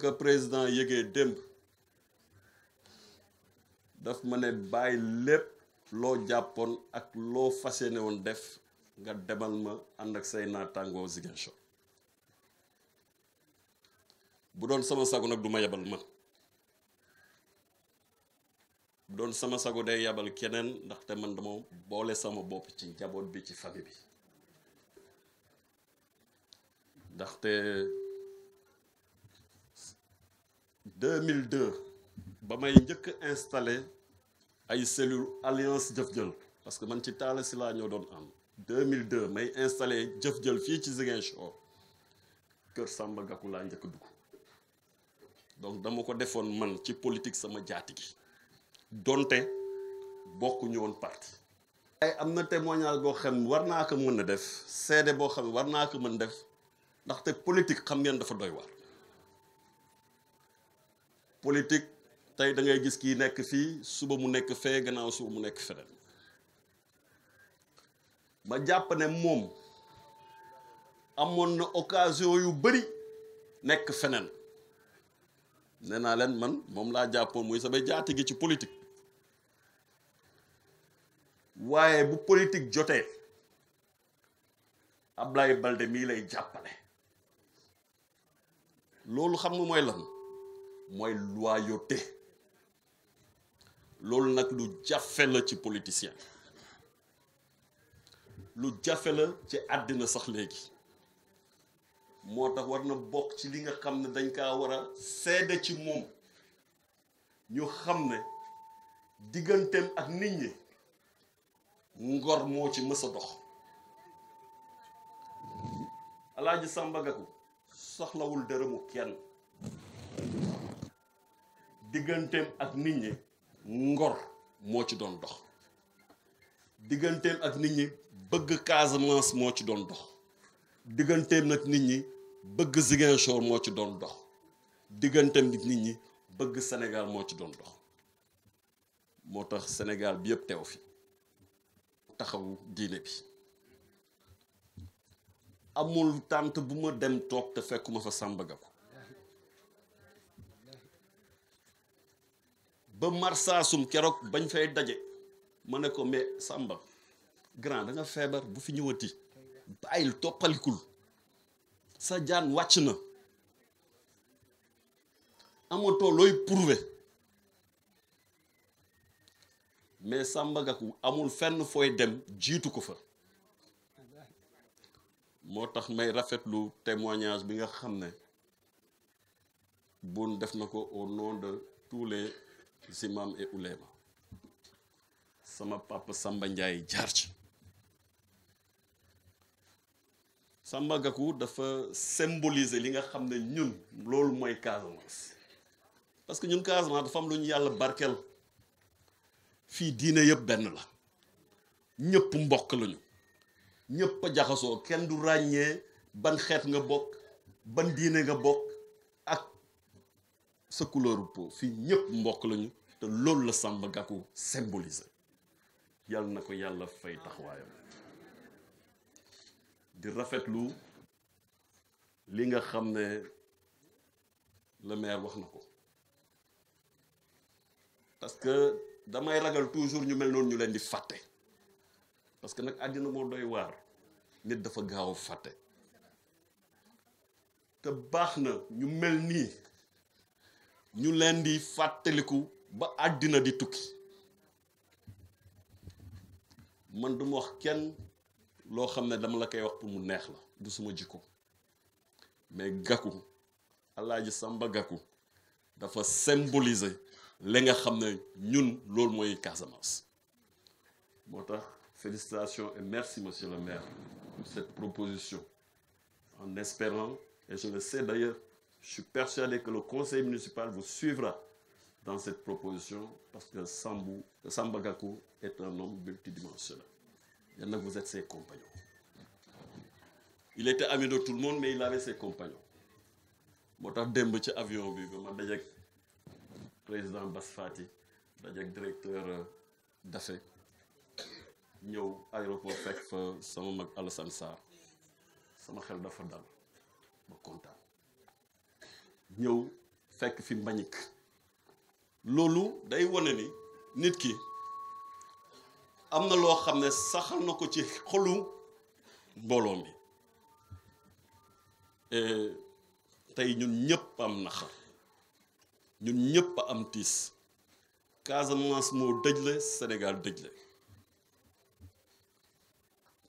que président yëgee démb daf ma ne bàyyi lépp loo jàppoon ak loo fas yéene woon def nga demal ma ànd ak say naataangoo Ziguinchor bu doon sama sago nag du ma yebal man doon sama sago day yebal keneen ndaxte man dama boole sama bopp ci njaboot bi ci famille bi ndaxte. 2002 ba may installé ay cellule alliance parce que je suis allé à la doon 2002 may installé jëf-jël ci que Samba la donc dama ko defoon man ci politique sama jaati Donc, donte bokkuñu woon parti ay témoignage xam war def politique politique tey da ngay gis kii nekk fii suba mu nekk fee gannaaw suba mu nekk feneen ma jàpp ne moom amoon na occasion yu bari nekk feneen nee naa leen man moom laa jàppoo muy samay jaati gi ci politique waaye bu politik jotee Ablaye Balde mii lay jàppale loolu xam nga mooy lan mooy loyauté loolu nag lu jafe la ci politicien lu jafe la ci àddina sax léegi moo tax war na bokk ci li nga xam ne dañ kaa war a seede ci moom ñu xam ne digganteem ak nit ñi ngor moo ci mësa dox alaaji Samba Gaku dërëmu kenn digganteem ak nit ñi ngor moo ci doon dox digganteem ak nit ñi bëgg Casamance moo ci doon dox digganteem nag nit ñi bëgg Ziguinchor moo ci doon dox digganteem nit ñi bëgg Sénégal moo ci doon dox moo tax Sénégal bi yëpp teew fi taxawu diine bi amul tànt bu ma dem toog te fekkuma fa Samba Gakou ba marsaasum keroog bañ fay daje ma ne ko mais Samba grand da nga feebar bu fi ñëwati bàyyil toppalikul sa jaan wàcc na amatoo looy prouver mais Samba Gakou amul fenn fooy dem jiitu ko fa moo tax may rafetlu témoignage bi nga xam ne Boun def na ko au nom de tous les zimaam et ma sama papa Samba Ndiaye jaar ci Samba Gakou dafa symboliser li nga xam ne ñun loolu mooy Casamance parce que ñun Casamance dafa am lu ñu yàlla barkel fii diine yëpp benn la ñépp mbokk lañu ñépp a jaxasoo kenn du ràññee ban xeet nga bokk ban diine nga bokk ak sa couleur peau fi ñepp mbokk lañu te loolu la Samba gako symboliser yàlla na ko yàlla fay taxawaayam di rafetlu li nga xam le maire wax nako parce que damay ragal toujours ñu mel non ñu leen di faté parce que nak adina mo doy war nit dafa gaaw faté fàtte te baax ñu mel ni ñu leen ba àddina di tukki man duma wax dama la wax pour mu neex la mais Samba gaku dafa symboliser ce nga nous ñun félicitations et merci monsieur le maire pour cette proposition en espérant et je le sais d'ailleurs je suis persuadé que le conseil municipal vous suivra dans cette proposition parce que Sambou, Samba Gakou est un homme multidimensionnel. Il y en a, vous êtes ses compagnons. Il était ami de tout le monde, mais il avait ses compagnons. je suis venu ci avion bi suis ma le président Bass Fati dajeek directeur euh, Dafe ñëw aéroport fekk fa sama mag Alassane Sarr sama xel dafa dal suis content. ñëw fekk fi mbañik loolu day wane ni nit ki am na loo xam ne saxal na ko ci xolu mbooloo mi e, tey ñun ñëpp am naxar ñun ñëpp am tiis Casamance moo dëj la Sénégal dëj la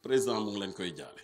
président mu ngi leen koy jaale